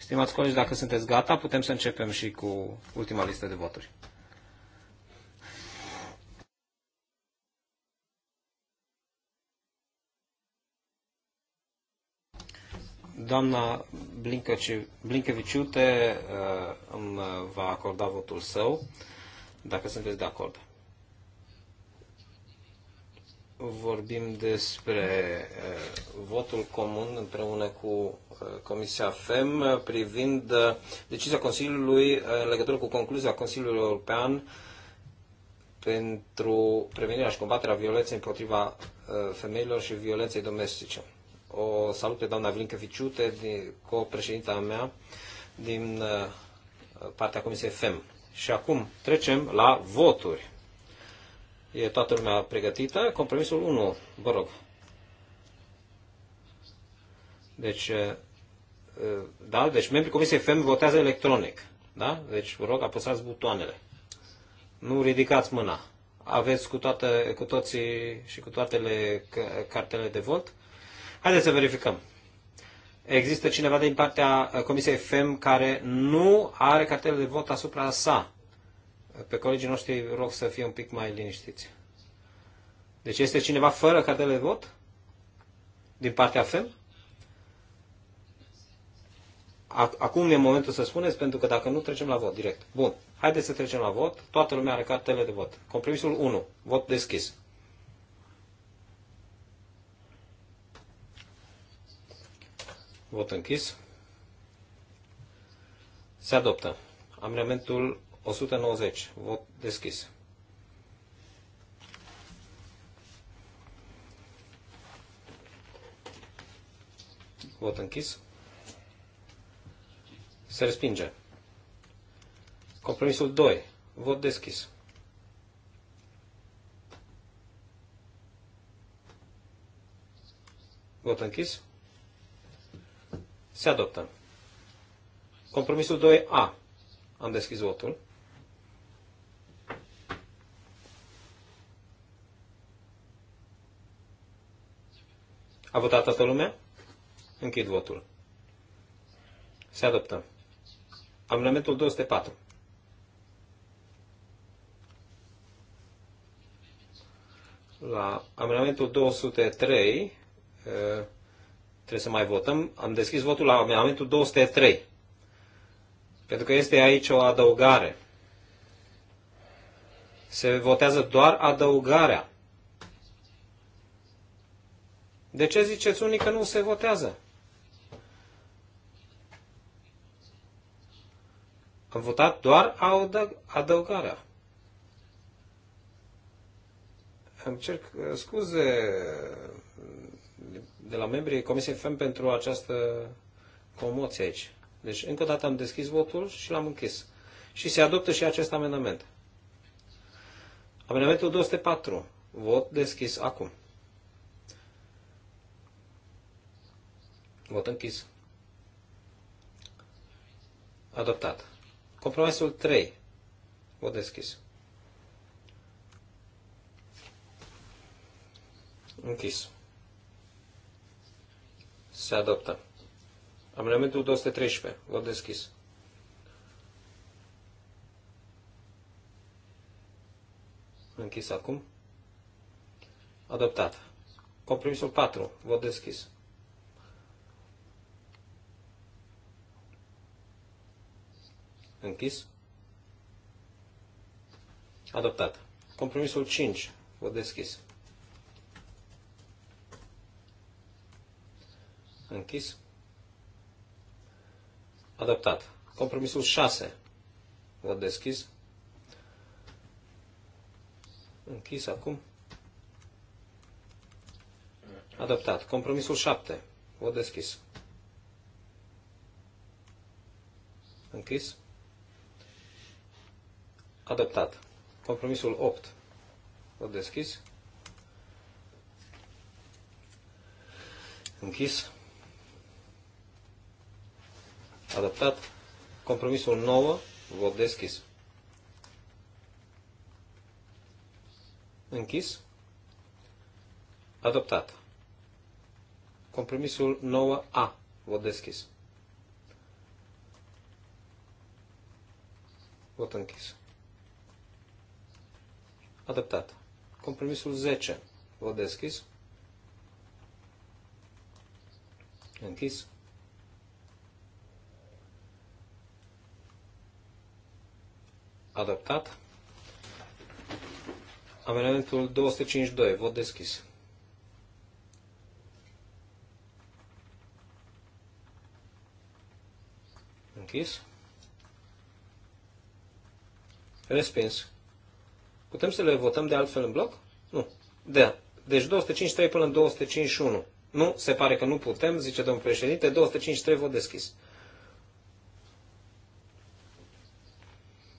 Stimați colegi, dacă sunteți gata, putem să începem și cu ultima listă de voturi. Doamna Blinkeviciute uh, îmi va acorda votul său, dacă sunteți de acord vorbim despre uh, votul comun împreună cu uh, Comisia FEM privind uh, decizia Consiliului în legătură cu concluzia Consiliului European pentru prevenirea și combaterea violenței împotriva femeilor și violenței domestice. O salut pe doamna Vlinca Viciute, co-președinta mea din partea Comisiei FEM. Și acum trecem la voturi. E toată lumea pregătită? Compromisul 1, vă rog. Deci, da? Deci membrii Comisiei FEM votează electronic. Da? Deci, vă rog, apăsați butoanele. Nu ridicați mâna. Aveți cu, toate, cu toții și cu toatele cartele de vot? Haideți să verificăm. Există cineva din partea Comisiei FEM care nu are cartele de vot asupra sa. Pe colegii noștri rog să fie un pic mai liniștiți. Deci este cineva fără cartele de vot? Din partea FEM? Acum e momentul să spuneți, pentru că dacă nu, trecem la vot direct. Bun. Haideți să trecem la vot. Toată lumea are cartele de vot. Compromisul 1. Vot deschis. Vot închis. Se adoptă. Amendamentul 190. Vot deschis. Vot închis. Se respinge. Compromisul 2. Vot deschis. Vot închis. Se adoptă. Compromisul 2A. Am deschis votul. A votat toată lumea? Închid votul. Se adoptă. Amendamentul 204. La amendamentul 203 eh, trebuie să mai votăm. Am deschis votul la amendamentul 203. Pentru că este aici o adăugare. Se votează doar adăugarea De ce ziceți unii că nu se votează? Am votat doar adăugarea. Am cer uh, scuze de la membrii Comisiei FEM pentru această comoție aici. Deci, încă o dată am deschis votul și l-am închis. Și se adoptă și acest amendament. Amendamentul 204. Vot deschis acum. Vot închis. Adoptat. Compromisul 3. Vot deschis. Închis. Se adoptă. Amendamentul 213. Vot deschis. Închis acum. Adoptat. Compromisul 4. Vot deschis. Închis. Adoptat. Compromisul 5. Vot deschis. Închis. Adoptat. Compromisul 6. Vot deschis. Închis acum. Adoptat. Compromisul 7. Vot deschis. Închis. Adoptat. Compromisul 8. O deschis. Închis. Adaptat. Compromisul 9. Vot deschis. Închis. Adoptat. Compromisul 9A. Vot deschis. Vot închis. Adaptată. Compromisul 10. Vă deschis. Închis. Adaptat. Amendamentul 252. Vot deschis. Închis. Respins. Putem să le votăm de altfel în bloc? Nu. De. Deci 253 până în 251. Nu, se pare că nu putem, zice domnul președinte, 253 vot deschis.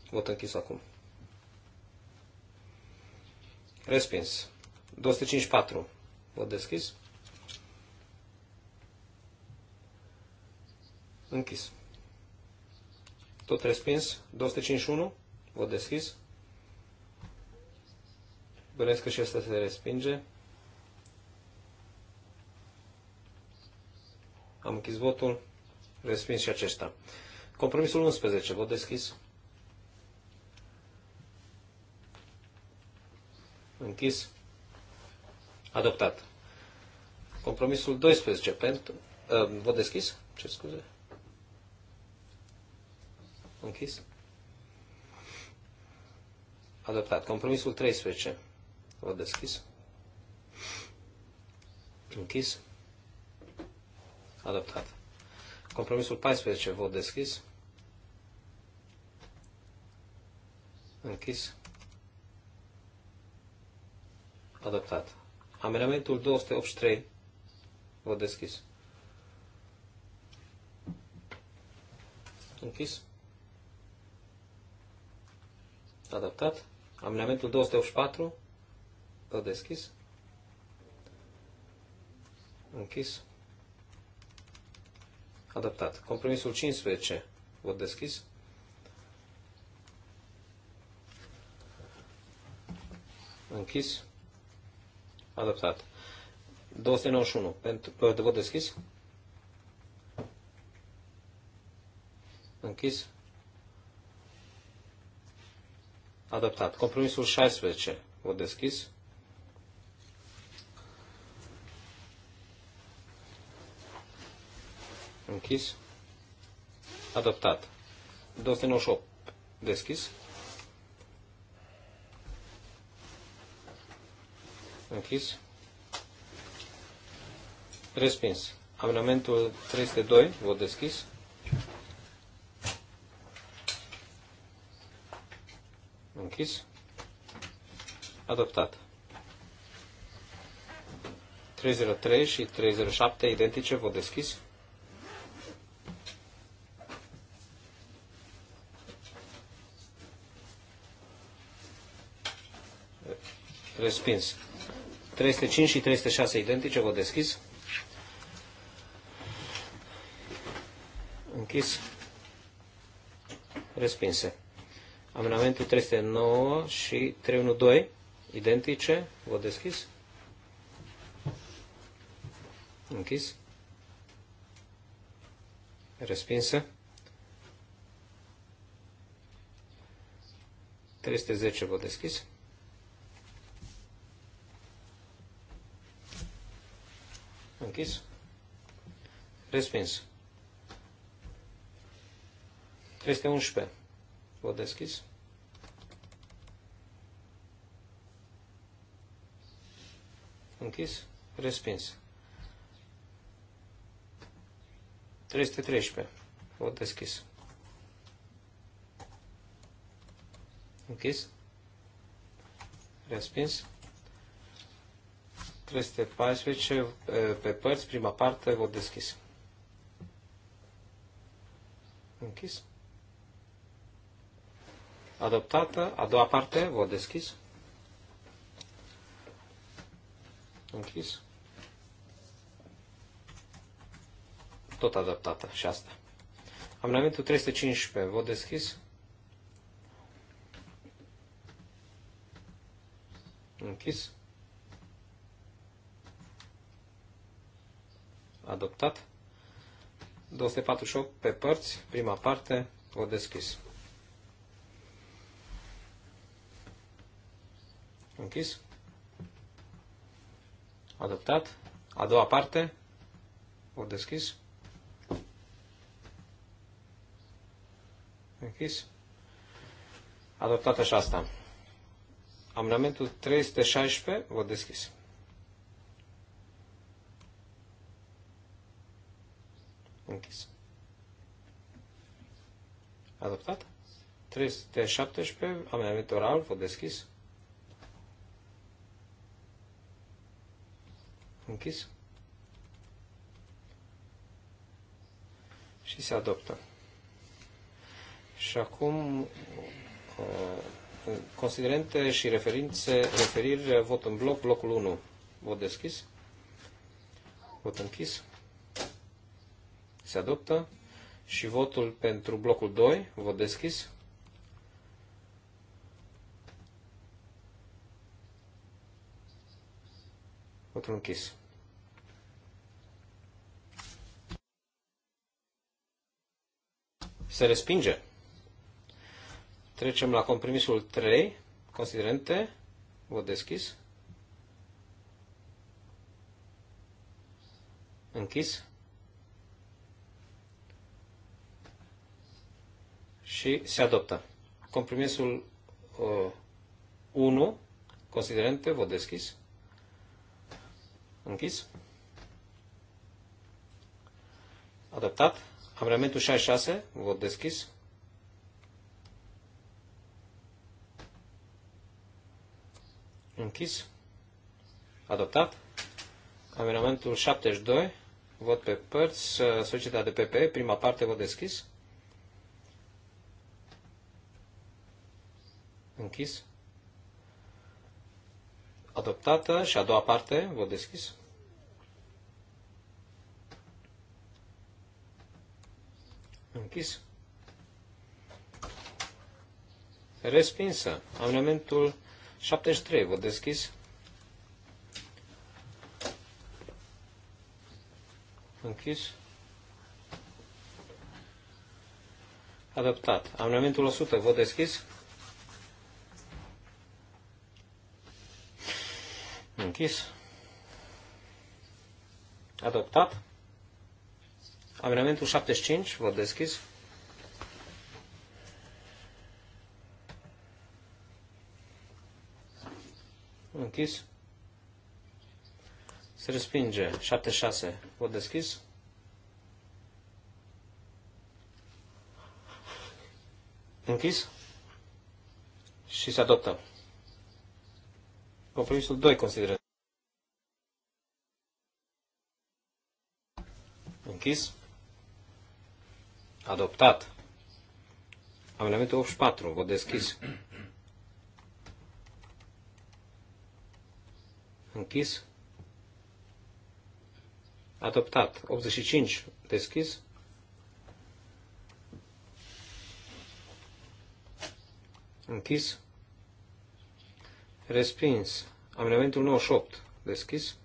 Vot închis acum. Respins. 254. Vot deschis. Închis. Tot respins. 251. Vot deschis. Bănesc că și asta se respinge. Am închis votul. Respins și acesta. Compromisul 11. Vot deschis. Închis. Adoptat. Compromisul 12. Pentru, uh, vot deschis. Ce scuze? Închis. Adoptat. Compromisul 13. O deschis. Închis. Adoptat. Compromisul 14, vot deschis. Închis. Adoptat. Amendamentul 283, vot deschis. Închis. Adoptat. Amendamentul 284, Vot deschis. Închis. Adaptat. Compromisul 15. Vă deschis. Închis. Adaptat. 291. Pentru, uh, de vot deschis. Închis. Adaptat. Compromisul 16. Vot deschis. Închis. Adoptat. 298. Deschis. Închis. Respins. amenamentul 302. Vot deschis. Închis. Adoptat. 303 și 307 identice, vot deschis. respins. 305 și 306 identice, vă deschis. Închis. Respinse. Amenamentul 309 și 312 identice, vă deschis. Închis. Respinse. 310 vă deschis. închis. Respins. Este 11. Vă deschis. Închis. Respins. 313. Vot deschis. Închis. Respins. 314 eh, pe părți, prima parte, vot deschis. Închis. Adoptată, a doua parte, vot deschis. Închis. Tot adoptată și asta. Amendamentul 315, vot deschis. Închis. adoptat. 248 pe părți, prima parte, o deschis. Închis. Adoptat. A doua parte, o deschis. Închis. Adoptată și asta. Amendamentul 316, o deschis. Închis. Adoptat. 317, amendament oral, vot deschis. Închis. Și se adoptă. Și acum uh, considerente și referințe, referiri, vot în bloc, blocul 1. Vot deschis. Vot închis. Se adoptă. Și votul pentru blocul 2, vot deschis. Votul închis. Se respinge. Trecem la compromisul 3, considerente, vot deschis. Închis. și se adoptă. Compromisul uh, 1, considerente, vă deschis. Închis. Adoptat. Amendamentul 66, vă deschis. Închis. Adoptat. Amendamentul 72, vot pe părți, uh, societatea de PPE, prima parte, vot deschis. închis. Adoptată și a doua parte, vă deschis. Închis. Respinsă. Amendamentul 73, vă deschis. Închis. Adoptat. Amendamentul 100, vă deschis. Închis. Adoptat. Amendamentul 75, vot deschis. Închis. Se respinge. 76, vot deschis. Închis. Și se adoptă. Compromisul 2 considerăm. Închis. Adoptat. Amendamentul 84. Vot deschis. Închis. Adoptat. 85. Deschis. Închis. Respins. Amendamentul 98. Deschis.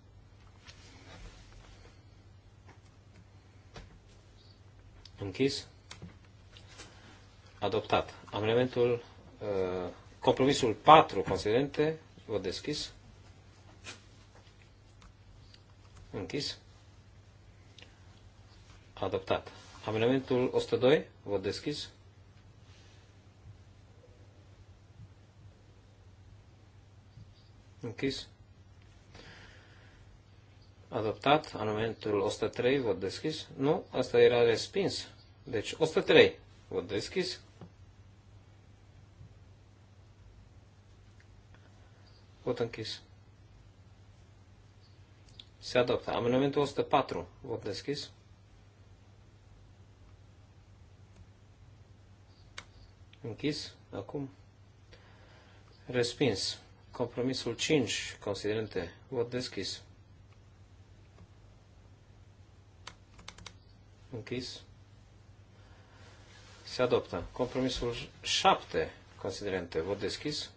Închis. Adoptat. Amendamentul, uh, compromisul 4, considerente, Vă deschis. Închis. Adoptat. Amendamentul 102, Vă deschis. deschis. Adoptat. anumentul 103, vot deschis. Nu, asta era respins. Deci 103, vot deschis. Vot închis. Se adoptă. Amendamentul 104, vot deschis. Închis. Acum. Respins. Compromisul 5, considerente, vot deschis. Închis. Se adoptă. Compromisul 7, considerente, vot deschis.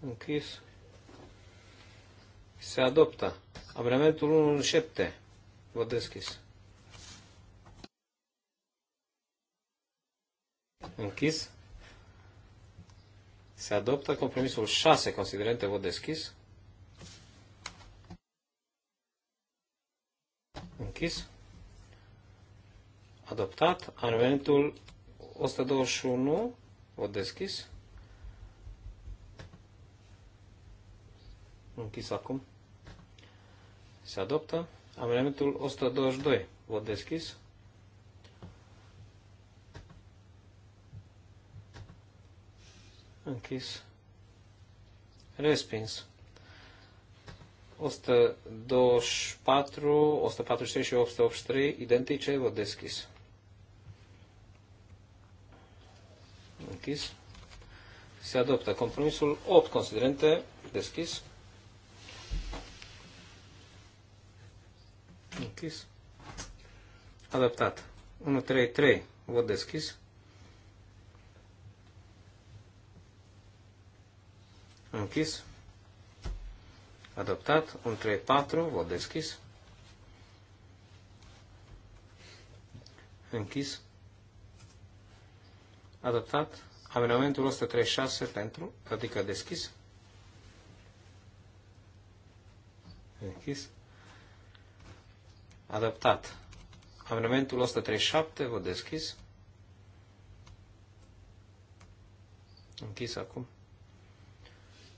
Închis. Se adoptă. Abrementul 1 în 7. Vot deschis. Închis. Se adoptă compromisul 6, considerente vot deschis. Închis. Adoptat. Amendamentul 121, vot deschis. Închis acum. Se adoptă. Amendamentul 122, vot deschis. închis, respins. 124, 143 și 883 identice, vă deschis. Închis. Se adoptă compromisul 8 considerente, deschis. Închis. Adaptat. 133, vă deschis. Închis. Adoptat. un 3-4, Vot deschis. Închis. Adoptat. amenamentul 136 pentru, adică deschis. Închis. Adoptat. amenamentul 137, vot deschis. Închis acum.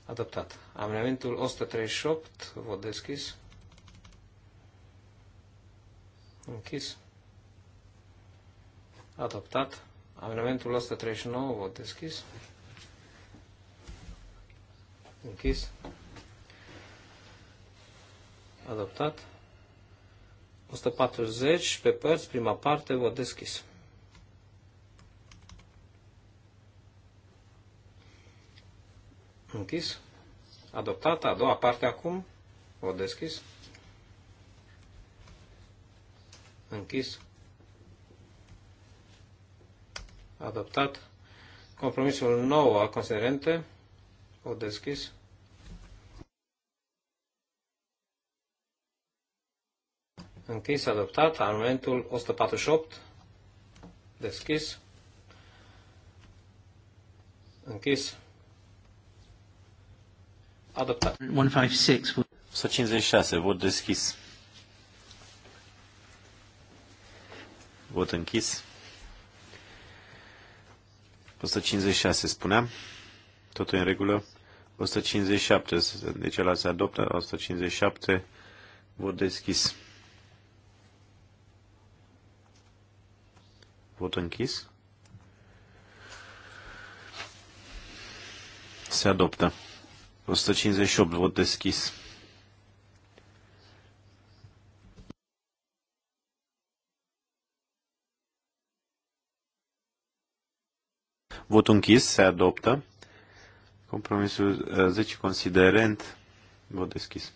Adaptat. Amendamentul 138, vot deschis. Închis. Adoptat. Amendamentul 139, vot deschis. Închis. Adoptat. 140 pe părți, prima parte, vot deschis. Închis. Adoptată. A doua parte acum. O deschis. Închis. Adoptat. Compromisul nou al considerente. O deschis. Închis. Adoptat. armamentul 148. Deschis. Închis Adoptat. 156. Vot deschis. Vot închis. 156 spuneam. Totul în regulă. 157. Deci ăla se adoptă. 157. Vot deschis. Vot închis. Se adoptă. 158, vot deschis. Vot închis, se adoptă. Compromisul 10 uh, considerent, vot deschis.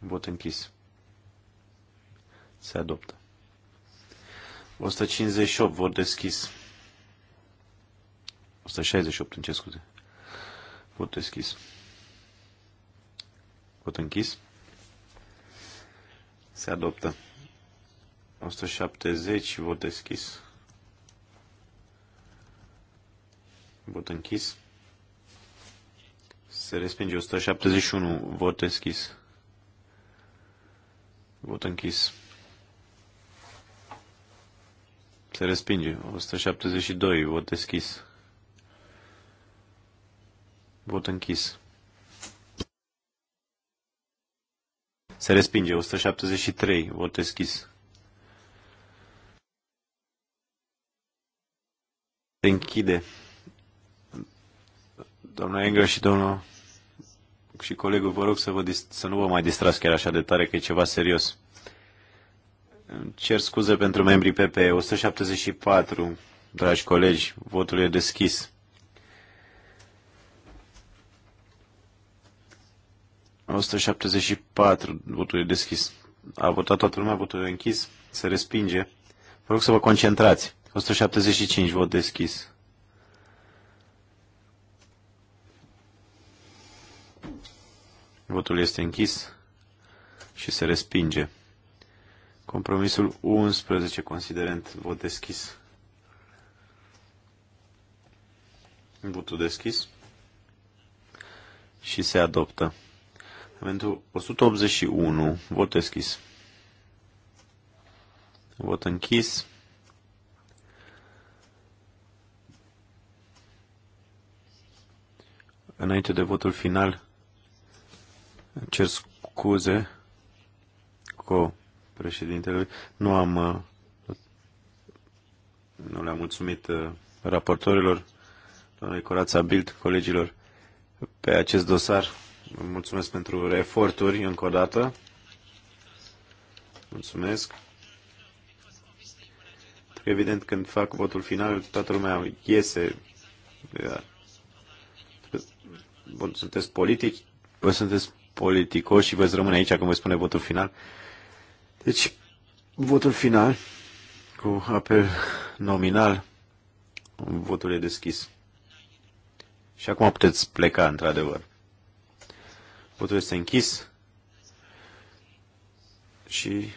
Vot închis. Se adoptă. 158, vot deschis. 168, în ce scuze. Vot deschis. Vot închis. Se adoptă. 170, vot deschis. Vot închis. Se respinge 171, vot deschis. Vot închis. Se respinge 172, vot deschis. Vot închis. Se respinge. 173. Vot deschis. Se închide. Doamna Engel și domnul și colegul, vă rog să, vă, să nu vă mai distrați chiar așa de tare, că e ceva serios. cer scuze pentru membrii PP. 174, dragi colegi, votul e deschis. 174, votul deschis. A votat toată lumea, votul închis, se respinge. Vă rog să vă concentrați. 175, vot deschis. Votul este închis și se respinge. Compromisul 11, considerent, vot deschis. Votul deschis și se adoptă. Pentru 181, vot deschis. Vot închis. Înainte de votul final, cer scuze cu președintele. Nu am uh, nu le-am mulțumit uh, raportorilor, doamnei Corața Bild, colegilor, pe acest dosar. Mulțumesc pentru eforturi încă o dată. Mulțumesc. evident, când fac votul final, toată lumea iese. Bun, sunteți politici, vă sunteți politicoși și veți rămâne aici când vă spune votul final. Deci, votul final cu apel nominal, votul e deschis. Și acum puteți pleca, într-adevăr. Votul este închis. Și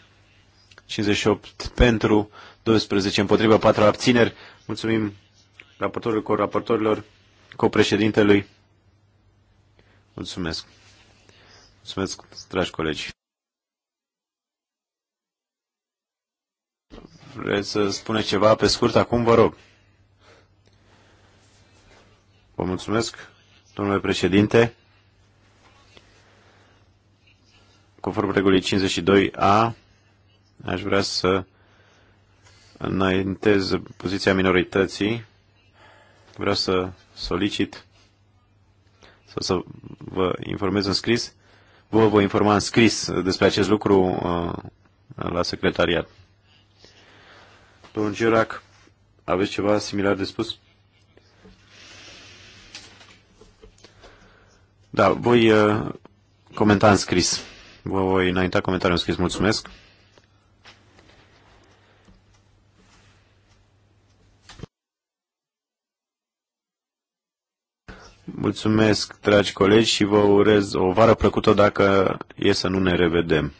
58 pentru, 12 împotriva, 4 abțineri. Mulțumim raportorului, co-raportorilor, co-președintelui. Mulțumesc. Mulțumesc, dragi colegi. Vreți să spuneți ceva pe scurt acum, vă rog. Vă mulțumesc, domnule președinte. conform regulii 52A, aș vrea să înaintez poziția minorității. Vreau să solicit sau să vă informez în scris. Vă voi informa în scris despre acest lucru uh, la secretariat. Domnul Girac, aveți ceva similar de spus? Da, voi uh, comenta în scris. Vă voi înainta comentariul în scris. Mulțumesc. Mulțumesc, dragi colegi, și vă urez o vară plăcută dacă e să nu ne revedem.